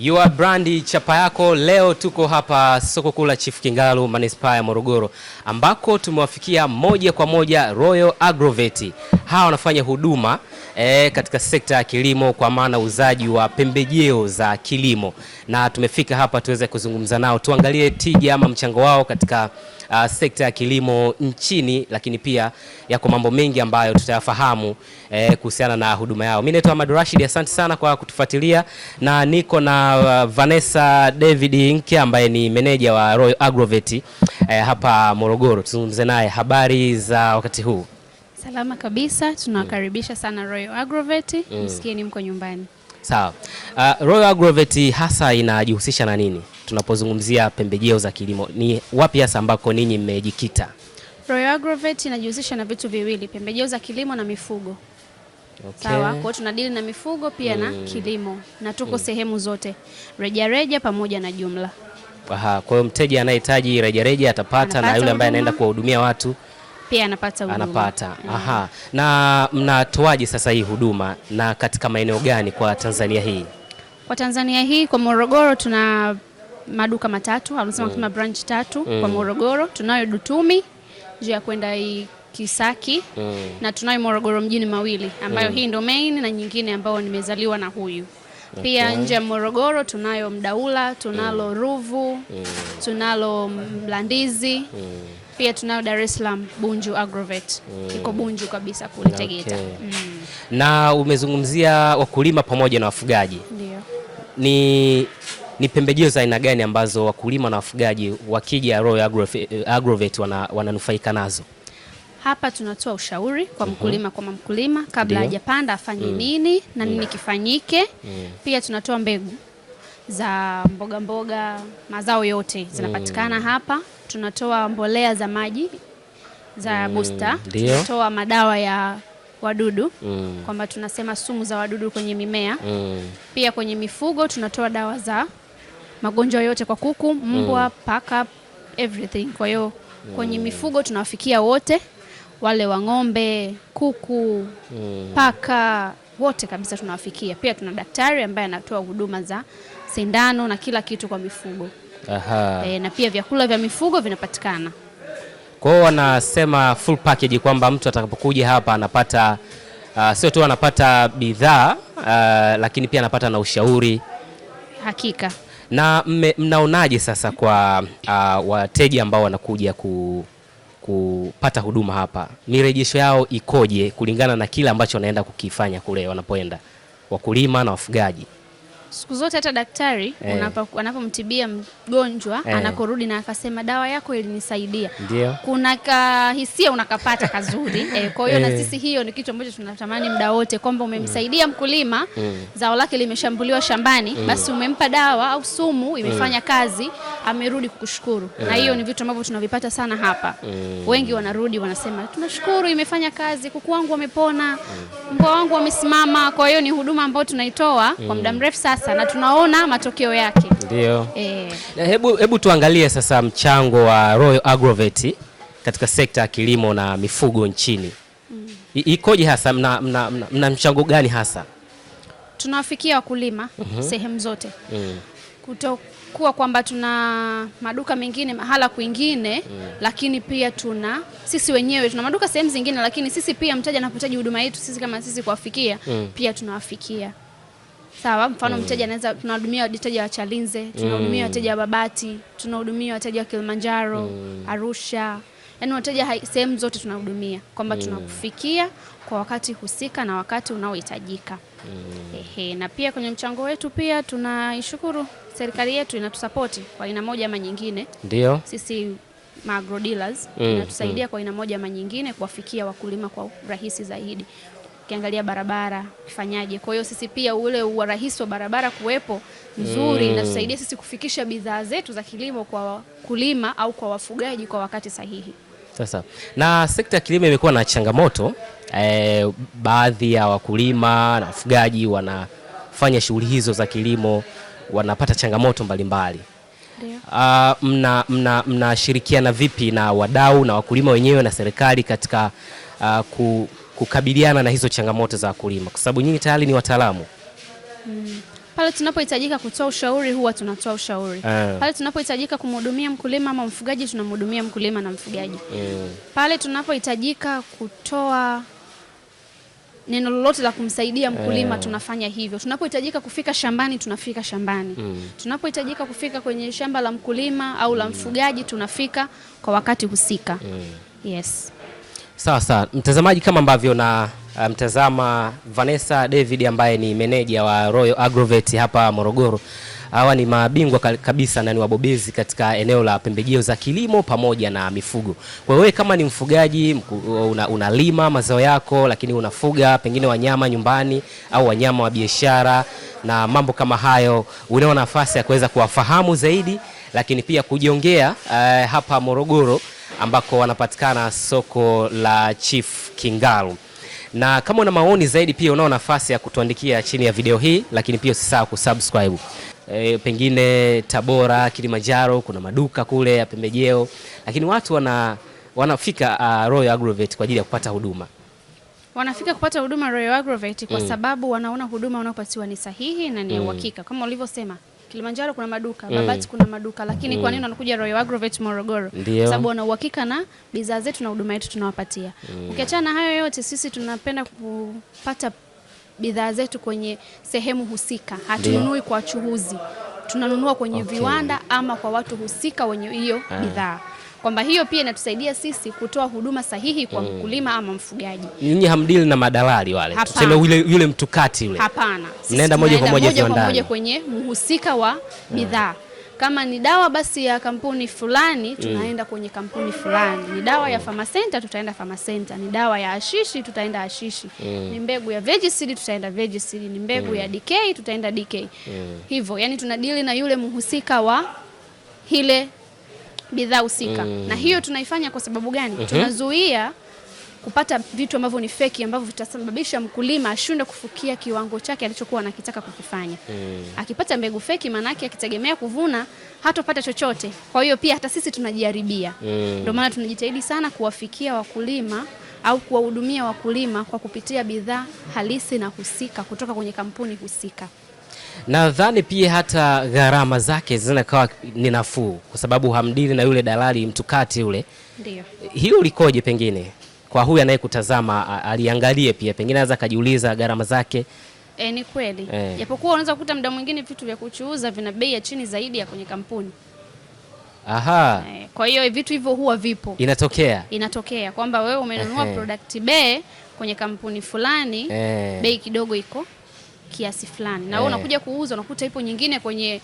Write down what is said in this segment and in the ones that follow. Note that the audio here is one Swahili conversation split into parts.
Your brand chapa yako. Leo tuko hapa soko kuu la Chifu Kingalu manispaa ya Morogoro, ambako tumewafikia moja kwa moja Royal Agrovet. Hawa wanafanya huduma e, katika sekta ya kilimo kwa maana uzaji wa pembejeo za kilimo, na tumefika hapa tuweze kuzungumza nao, tuangalie tija ama mchango wao katika uh, sekta ya kilimo nchini, lakini pia yako mambo mengi ambayo tutayafahamu eh, kuhusiana na huduma yao. Mimi naitwa Ahmad Rashid, asante sana kwa kutufuatilia na niko na uh, Vanessa David Inke ambaye ni meneja wa Royal Agrovet eh, hapa Morogoro. Tuzungumze naye habari za wakati huu. Salama kabisa, tunawakaribisha sana Royal Agrovet. Mm. Msikieni mko nyumbani. Sawa. Uh, Royal Agrovet hasa inajihusisha na nini? Tunapozungumzia pembejeo za kilimo ni wapi hasa ambako ninyi mmejikita? Royal Agrovet inajihusisha na vitu viwili, pembejeo za kilimo na mifugo. Okay. Sawa, kwa tuna tunadili na mifugo pia mm. na kilimo na tuko mm. sehemu zote rejareja pamoja na jumla. Aha, kwa hiyo mteja anayehitaji rejareja atapata, anapata na yule ambaye anaenda kuwahudumia watu pia anapata huduma. Anapata. Aha. Na mnatoaje sasa hii huduma na katika maeneo gani kwa Tanzania hii? Kwa Tanzania hii kwa Morogoro tuna maduka matatu, anasema kama mm. branch tatu mm. Kwa Morogoro tunayo Dutumi njia ya kwenda Kisaki mm. na tunayo Morogoro mjini mawili ambayo mm. hii ndio main na nyingine ambayo nimezaliwa na huyu pia okay. Nje ya Morogoro tunayo Mdaula, tunalo mm. Ruvu mm. tunalo Mlandizi mm. Pia tunayo Dar es Salaam Bunju Agrovet mm. kiko Bunju kabisa kule Tegeta okay. mm. na umezungumzia wakulima pamoja na wafugaji ni ni pembejeo za aina gani ambazo wakulima na wafugaji wakija Royal eh, Agrovet wananufaika wana nazo? Hapa tunatoa ushauri kwa mhm. mkulima kwa mkulima kabla hajapanda afanye mm. nini na nini mm. kifanyike. Mm. Pia tunatoa mbegu za mboga mboga, mazao yote zinapatikana mm. hapa. Tunatoa mbolea za maji za mm. booster, tunatoa madawa ya wadudu mm. kwamba tunasema sumu za wadudu kwenye mimea mm. pia kwenye mifugo tunatoa dawa za magonjwa yote kwa kuku, mbwa mm. paka, everything. Kwa hiyo mm. kwenye mifugo tunawafikia wote wale wa ng'ombe, kuku mm. paka, wote kabisa tunawafikia. Pia tuna daktari ambaye anatoa huduma za sindano na kila kitu kwa mifugo. Aha. E, na pia vyakula vya mifugo vinapatikana. Kwa hiyo wanasema full package kwamba mtu atakapokuja hapa anapata uh, sio tu anapata bidhaa uh, lakini pia anapata na ushauri. Hakika. Na mnaonaje sasa kwa uh, wateja ambao wanakuja ku kupata huduma hapa, mirejesho yao ikoje kulingana na kile ambacho wanaenda kukifanya kule wanapoenda, wakulima na wafugaji? siku zote hata daktari hey. Eh. anapomtibia mgonjwa hey. Eh. anakorudi na akasema dawa yako ilinisaidia, kuna kahisia unakapata kazuri eh. Kwa hiyo hey. na eh. sisi hiyo ni kitu ambacho tunatamani muda wote kwamba umemsaidia mkulima hmm. zao lake limeshambuliwa shambani hmm. basi umempa dawa au sumu mm. imefanya kazi, amerudi kukushukuru eh, na hiyo ni vitu ambavyo tunavipata sana hapa hmm. Wengi wanarudi wanasema tunashukuru, imefanya kazi, kuku wangu wamepona, mm. mbwa wangu wamesimama. Kwa hiyo ni huduma ambayo tunaitoa hmm. kwa muda mm. mrefu sasa sasa na tunaona matokeo yake. Ndio. E. Hebu, hebu tuangalie sasa mchango wa Royal Agrovet katika sekta ya kilimo na mifugo nchini mm. Ikoje hasa mna, mna, mna, mna mchango gani hasa? Tunawafikia wakulima mm -hmm. sehemu zote mm. kutokuwa kwamba tuna maduka mengine mahala kwingine mm. lakini pia tuna sisi wenyewe tuna maduka sehemu zingine, lakini sisi pia mteja anapohitaji huduma yetu sisi kama sisi kuwafikia mm. pia tunawafikia sawa. Mfano mm. mteja anaweza, tunahudumia wateja wa Chalinze, tunahudumia mm. wateja wa Babati, tunahudumia wateja wa Kilimanjaro mm. Arusha, yaani wateja sehemu zote tunahudumia, kwamba mm. tunakufikia kwa wakati husika na wakati unaohitajika. Mm. Ehe, na pia kwenye mchango wetu pia tunaishukuru serikali yetu inatusapoti kwa aina moja ama nyingine. Ndio. Sisi ma agro dealers mm. inatusaidia mm. kwa aina moja ama nyingine kuwafikia wakulima kwa urahisi zaidi ukiangalia barabara ukifanyaje. Kwa hiyo sisi pia ule urahisi wa barabara kuwepo nzuri mm. inatusaidia sisi kufikisha bidhaa zetu za kilimo kwa wakulima au kwa wafugaji kwa wakati sahihi. Sasa na sekta ya kilimo imekuwa na changamoto e, baadhi ya wakulima na wafugaji wanafanya shughuli hizo za kilimo wanapata changamoto mbalimbali mbali. Ah, mnashirikiana mna, mna vipi na wadau na wakulima wenyewe na serikali katika uh, ku kukabiliana na hizo changamoto za wakulima, kwa sababu nyinyi tayari ni wataalamu mm. Pale tunapohitajika kutoa ushauri huwa tunatoa ushauri mm. Pale tunapohitajika kumhudumia mkulima ama mfugaji tunamhudumia mkulima na mfugaji mm. Pale tunapohitajika kutoa neno lolote la kumsaidia mkulima yeah. Tunafanya hivyo. Tunapohitajika kufika shambani tunafika shambani mm. Tunapohitajika kufika kwenye shamba la mkulima au la mm. mfugaji tunafika kwa wakati husika mm. Yes. Sawa sawa, mtazamaji, kama ambavyo na uh, mtazama Vanessa David ambaye ni meneja wa Royal Agrovet hapa Morogoro. Hawa ni mabingwa kabisa na ni wabobezi katika eneo la pembejeo za kilimo pamoja na mifugo. Kwa hiyo wewe kama ni mfugaji unalima una mazao yako, lakini unafuga pengine wanyama nyumbani au wanyama wa biashara na mambo kama hayo, unao nafasi ya kuweza kuwafahamu zaidi, lakini pia kujiongea uh, hapa Morogoro ambako wanapatikana soko la Chief Kingalu. Na kama una maoni zaidi pia unao nafasi ya kutuandikia chini ya video hii, lakini pia usisahau kusubscribe. E, pengine Tabora, Kilimanjaro kuna maduka kule ya pembejeo, lakini watu wana wanafika uh, Royal Agrovet kwa ajili ya kupata huduma wanafika kupata huduma Royal Agrovet kwa mm, sababu wanaona huduma wanaopatiwa ni sahihi na ni ya mm. uhakika kama ulivyosema. Kilimanjaro kuna maduka mm. Babati kuna maduka lakini mm. kwa nini wanakuja Royal Agrovet Morogoro? Kwa sababu wana uhakika na bidhaa zetu na huduma yetu tunawapatia. mm. Ukiachana na hayo yote, sisi tunapenda kupata bidhaa zetu kwenye sehemu husika, hatununui kwa wachuuzi, tunanunua kwenye okay. viwanda ama kwa watu husika wenye hiyo ah. bidhaa kwamba hiyo pia inatusaidia sisi kutoa huduma sahihi kwa mm. mkulima ama mfugaji. Nyinyi hamdili na madalali wale, tuseme yule yule mtukati yule? Hapana, mnaenda moja kwa moja kwa moja kwenye mhusika wa mm. bidhaa mm. Kama ni dawa basi ya kampuni fulani mm. tunaenda mm. kwenye kampuni fulani. Ni dawa ya mm. Pharmacenter tutaenda Pharmacenter. Ni dawa ya ashishi tutaenda ashishi mm. Ni mbegu ya Vegisil tutaenda Vegisil, Ni mbegu mm. ya DK tutaenda DK mm. Hivyo yani tunadili na yule mhusika wa hile bidhaa husika mm. na hiyo tunaifanya kwa sababu gani? mm -hmm. tunazuia kupata vitu ambavyo ni feki ambavyo vitasababisha mkulima ashinde kufukia kiwango chake alichokuwa anakitaka kukifanya. Mm. Akipata mbegu feki, maanake akitegemea kuvuna hatopata chochote. Kwa hiyo pia hata sisi tunajiharibia. Mm. Ndio maana tunajitahidi sana kuwafikia wakulima au kuwahudumia wakulima kwa kupitia bidhaa halisi na husika kutoka kwenye kampuni husika. Nadhani pia hata gharama zake zinakawa ni nafuu, kwa sababu hamdili na yule dalali mtukati yule. Ndio hiyo likoje? Pengine kwa huyu anayekutazama aliangalie pia, pengine anaweza akajiuliza gharama zake. E, ni kweli e. japokuwa e, unaweza kukuta muda mwingine vitu vya kuchuuza vina bei ya chini zaidi ya kwenye kampuni. Aha. E, kwa hiyo vitu hivyo huwa vipo, inatokea inatokea kwamba wewe umenunua product B kwenye kampuni fulani e, bei kidogo iko kiasi fulani na wewe eh. unakuja kuuza unakuta ipo nyingine kwenye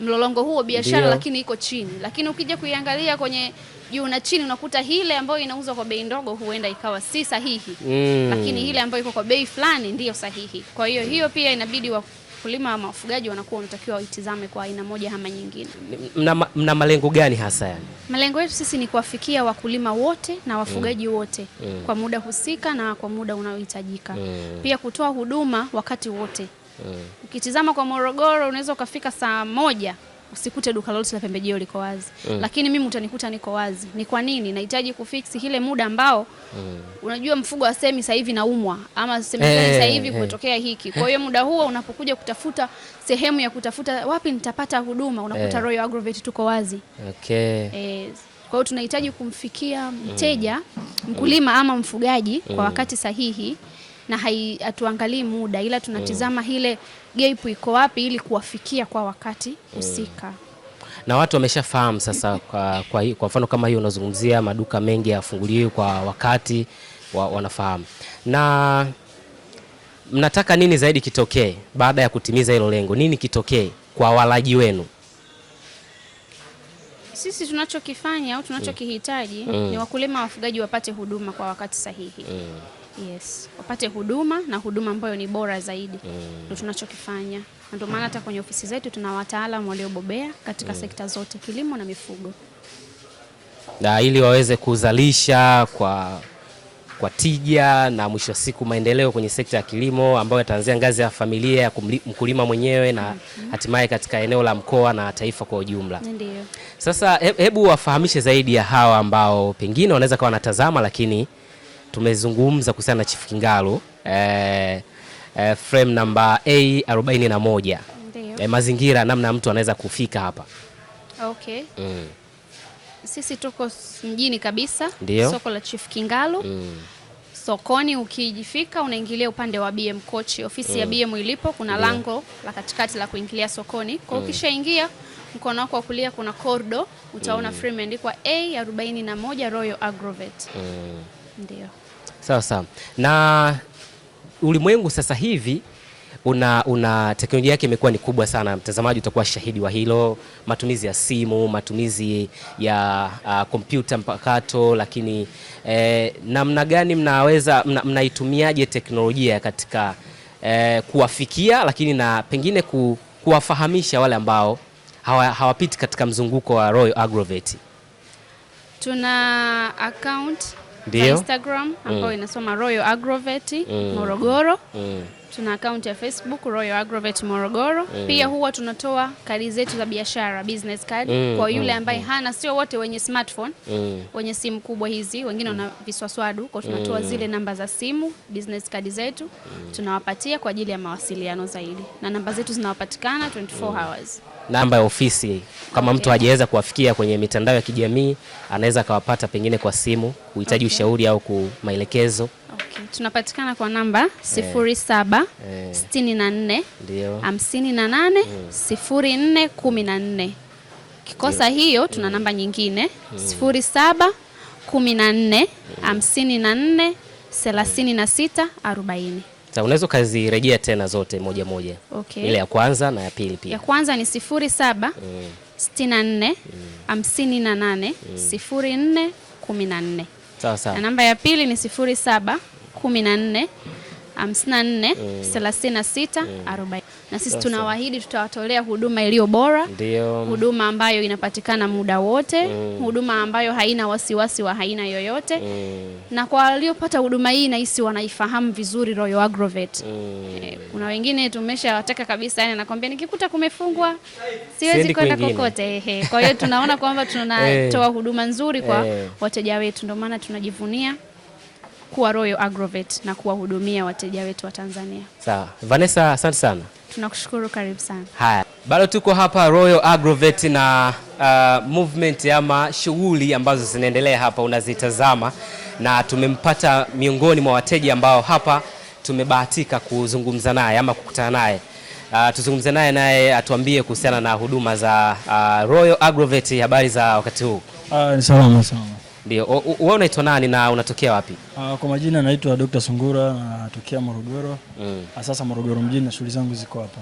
mlolongo huo biashara, lakini iko chini, lakini ukija kuiangalia kwenye juu na chini unakuta ile ambayo inauzwa kwa bei ndogo huenda ikawa si sahihi mm. lakini ile ambayo iko kwa bei fulani ndiyo sahihi. Kwa hiyo hiyo pia inabidi wa wakulima ama wafugaji wanakuwa wanatakiwa waitizame kwa aina moja ama nyingine. Mna, mna malengo gani hasa yani? Malengo yetu sisi ni kuwafikia wakulima wote na wafugaji mm. wote mm. kwa muda husika na kwa muda unaohitajika mm. pia kutoa huduma wakati wote mm. Ukitizama kwa Morogoro unaweza ukafika saa moja usikute duka lolote la pembejeo liko wazi mm. Lakini mimi utanikuta niko wazi. Ni kwa nini? Nahitaji kufiksi ile muda ambao mm. unajua mfugo wa semi sasa hivi naumwa ama semi hey, eh, sasa hivi hey, kutokea hiki. Kwa hiyo muda huo unapokuja kutafuta sehemu ya kutafuta wapi nitapata huduma, unakuta hey. Royal Agrovet tuko wazi okay. Eh, kwa hiyo tunahitaji kumfikia mm. mteja mm. mkulima ama mfugaji mm. kwa wakati sahihi na hatuangalii muda, ila tunatizama mm. ile gap iko wapi ili kuwafikia kwa wakati mm. husika mm. na watu wameshafahamu sasa. Kwa, kwa, kwa mfano kama hiyo unazungumzia maduka mengi yafunguliwe kwa wakati wa, wanafahamu na mnataka nini zaidi kitokee baada ya kutimiza hilo lengo? Nini kitokee kwa walaji wenu? Sisi tunachokifanya au tunachokihitaji mm. ni wakulima wafugaji wapate huduma kwa wakati sahihi mm. Yes, wapate huduma na huduma ambayo ni bora zaidi mm. ndio mm. tunachokifanya na ndio maana hata kwenye ofisi zetu tuna wataalamu waliobobea katika mm. sekta zote, kilimo na mifugo, na ili waweze kuzalisha kwa, kwa tija na mwisho wa siku maendeleo kwenye sekta ya kilimo ambayo yataanzia ngazi ya familia ya mkulima mwenyewe na mm -hmm. hatimaye katika eneo la mkoa na taifa kwa ujumla. Ndiyo. Sasa hebu wafahamishe zaidi ya hawa ambao pengine wanaweza kawa wanatazama lakini tumezungumza kuhusiana na Chifu Kingalo eh, eh, frame namba A41 eh, mazingira namna mtu anaweza kufika hapa. Okay. Mm. Sisi tuko mjini kabisa. Ndiyo. Soko la Chief Kingalo mm. Sokoni ukijifika unaingilia upande wa BM coach ofisi mm. ya BM ilipo, kuna mm. lango la katikati la kuingilia sokoni. Kwa mm. ukishaingia mkono wako wa kulia kuna corridor utaona mm. frame imeandikwa A41 Royal Agrovet mm. Ndio. Sawa sawa. Na ulimwengu sasa hivi una, una teknolojia yake imekuwa ni kubwa sana, mtazamaji utakuwa shahidi wa hilo, matumizi ya simu, matumizi ya uh, kompyuta uh, mpakato. Lakini eh, namna gani mnaweza mnaitumiaje teknolojia katika eh, kuwafikia lakini na pengine ku, kuwafahamisha wale ambao hawapiti katika mzunguko wa Royal Agrovet? Tuna account ndio. Instagram ambayo mm. inasoma Royal Agrovet mm. Morogoro mm. Tuna akaunti ya Facebook Royal Agrovet Morogoro mm. Pia huwa tunatoa kadi zetu za biashara business card mm. kwa mm, yule mm. ambaye mm. hana, sio wote wenye smartphone mm. wenye simu kubwa hizi, wengine wana mm. viswaswadu, kwa tunatoa mm. zile namba za simu business card zetu mm. tunawapatia kwa ajili ya mawasiliano zaidi, na namba zetu zinawapatikana 24 mm. hours namba ya ofisi kama mtu hajaweza kuwafikia kwenye mitandao ya kijamii anaweza akawapata pengine kwa simu kuhitaji okay. ushauri au ku maelekezo. Okay. Tunapatikana kwa namba 0764 58 0414. Kikosa hiyo tuna mm. namba nyingine 0714 54 36 40. Sasa unaweza ukazirejea tena zote moja moja. Okay. Ile ya kwanza na ya pili pia. Ya kwanza ni sifuri saba mm. sitini na nne mm. hamsini na nane mm. sifuri nne kumi na nne. Sawa sawa. Na namba ya pili ni sifuri saba kumi na nne hamsini na nne thelathini na sita arobaini na sisi tunawaahidi tutawatolea huduma iliyo bora, huduma ambayo inapatikana muda wote mm. huduma ambayo haina wasiwasi wa haina yoyote mm. na kwa waliopata huduma hii nahisi wanaifahamu vizuri Royal Agrovet mm. E, kuna wengine tumeshawataka kabisa, yani nakwambia nikikuta kumefungwa siwezi kwenda kokote. Kwa hiyo tunaona kwamba tunatoa eh. huduma nzuri kwa hey. Eh. wateja wetu, ndio maana tunajivunia kuwa Royal Agrovet na kuwahudumia wateja wetu wa Tanzania. Sawa, Vanessa, asante sana. Tunakushukuru, karibu sana. Haya, bado tuko hapa Royal Agrovet na uh, movement ama shughuli ambazo zinaendelea hapa unazitazama, na tumempata miongoni mwa wateja ambao hapa tumebahatika kuzungumza naye ama kukutana naye. Uh, tuzungumze naye naye atuambie kuhusiana na huduma za uh, Royal Agrovet. Habari za wakati huu? Uh, salama salama. Ndio, wewe unaitwa nani na unatokea wapi? Uh, kwa majina naitwa Dr. Sungura natokea Morogoro. Mm. Ah, sasa Morogoro mjini na shughuli zangu ziko hapa.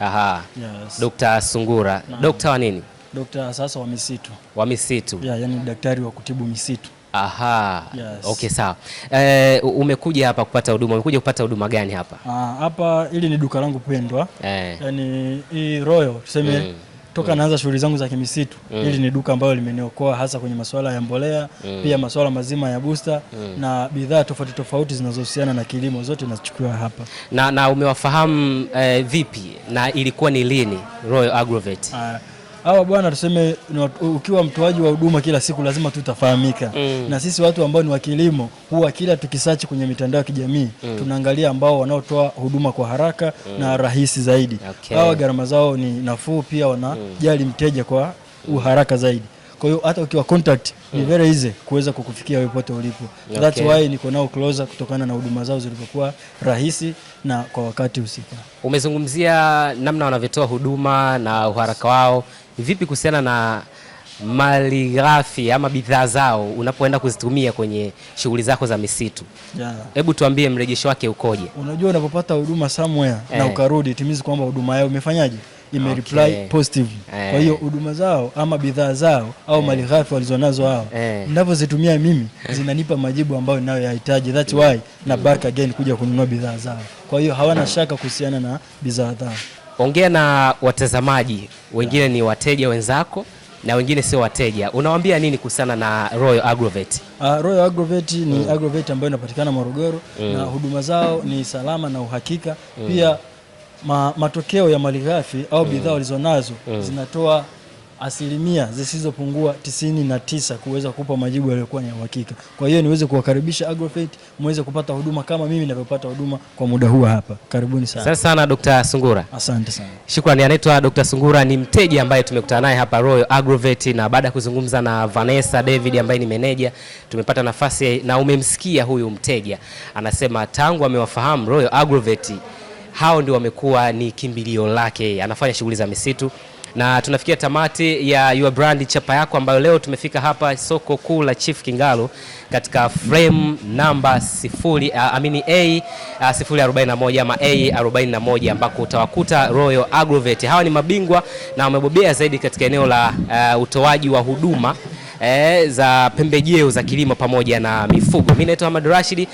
Aha. Yes. Dr. Sungura. Na, Dr. wa nini? Dr. sasa wa misitu. Wa misitu. Yeah, yani daktari wa kutibu misitu. Aha. Yes. Okay, sawa. Eh, umekuja hapa kupata huduma. Umekuja kupata huduma gani hapa? Ah, hapa ili ni duka langu pendwa. Eh. Yaani hii Royal tuseme mm toka mm. naanza shughuli zangu za kimisitu mm. ili ni duka ambalo limeniokoa hasa kwenye masuala ya mbolea mm. pia masuala mazima ya booster mm. na bidhaa tofauti tofauti zinazohusiana na kilimo zote nachukua hapa. Na, na umewafahamu eh, vipi na ilikuwa ni lini Royal Agrovet? Ah, hawa bwana, tuseme ukiwa mtoaji wa huduma kila siku lazima tutafahamika mm. na sisi watu ambao ni wa kilimo huwa kila tukisachi kwenye mitandao ya kijamii mm. tunaangalia ambao wanaotoa huduma kwa haraka mm. na rahisi zaidi. Hawa okay. gharama zao ni nafuu, pia wanajali mm. mteja kwa uharaka zaidi. Kwa hiyo hata ukiwa contact ni very easy kuweza kukufikia wewe pote ulipo. Okay. That's why niko nao closer kutokana na huduma zao zilivyokuwa rahisi na kwa wakati husika. Umezungumzia namna wanavyotoa huduma na uharaka wao. Vipi kuhusiana na mali ghafi ama bidhaa zao unapoenda kuzitumia kwenye shughuli zako za misitu, hebu tuambie mrejesho wake ukoje? Unajua, unapopata huduma somewhere eh, na ukarudi timizi kwamba huduma yao umefanyaje imereply okay, positive eh. Kwa hiyo eh. huduma zao ama bidhaa zao au eh, malighafi walizonazo hao eh, mnavyozitumia mimi eh. zinanipa majibu ambayo yahitaji that's mm. why na back again kuja kununua bidhaa zao. Kwa hiyo hawana mm. shaka kuhusiana na bidhaa zao. Ongea na watazamaji wengine, ni wateja wenzako na wengine sio wateja, unawambia nini kuhusiana na Royal Agrovet? Uh, Royal Agrovet ni mm. Agrovet ambayo inapatikana Morogoro mm. na huduma zao ni salama na uhakika mm. pia ma, matokeo ya malighafi au mm. bidhaa walizonazo mm. zinatoa asilimia zisizopungua tisini na tisa kuweza kupa majibu yaliyokuwa ni ya uhakika. Kwa hiyo niweze kuwakaribisha Agrofate muweze kupata huduma kama mimi ninavyopata huduma kwa muda huu hapa. Karibuni sana. Asante sana Dr. Sungura. Asante sana. Shukrani. Anaitwa Dr. Sungura ni mteja ambaye tumekutana naye hapa Royal agrovet na baada ya kuzungumza na Vanessa David ambaye ni meneja, tumepata nafasi na umemsikia huyu mteja anasema tangu amewafahamu Royal Agrofate hao ndio wamekuwa ni kimbilio lake, anafanya shughuli za misitu na tunafikia tamati ya Your Brand Chapa Yako, ambayo leo tumefika hapa soko kuu la Chief Kingalu katika frame namba 0 uh, amini A uh, ah, 041 ama A 41 ambako utawakuta Royal Agrovet. Hawa ni mabingwa na wamebobea zaidi katika eneo la uh, utoaji wa huduma eh, za pembejeo za kilimo pamoja na mifugo. Mimi naitwa Ahmad Rashidi.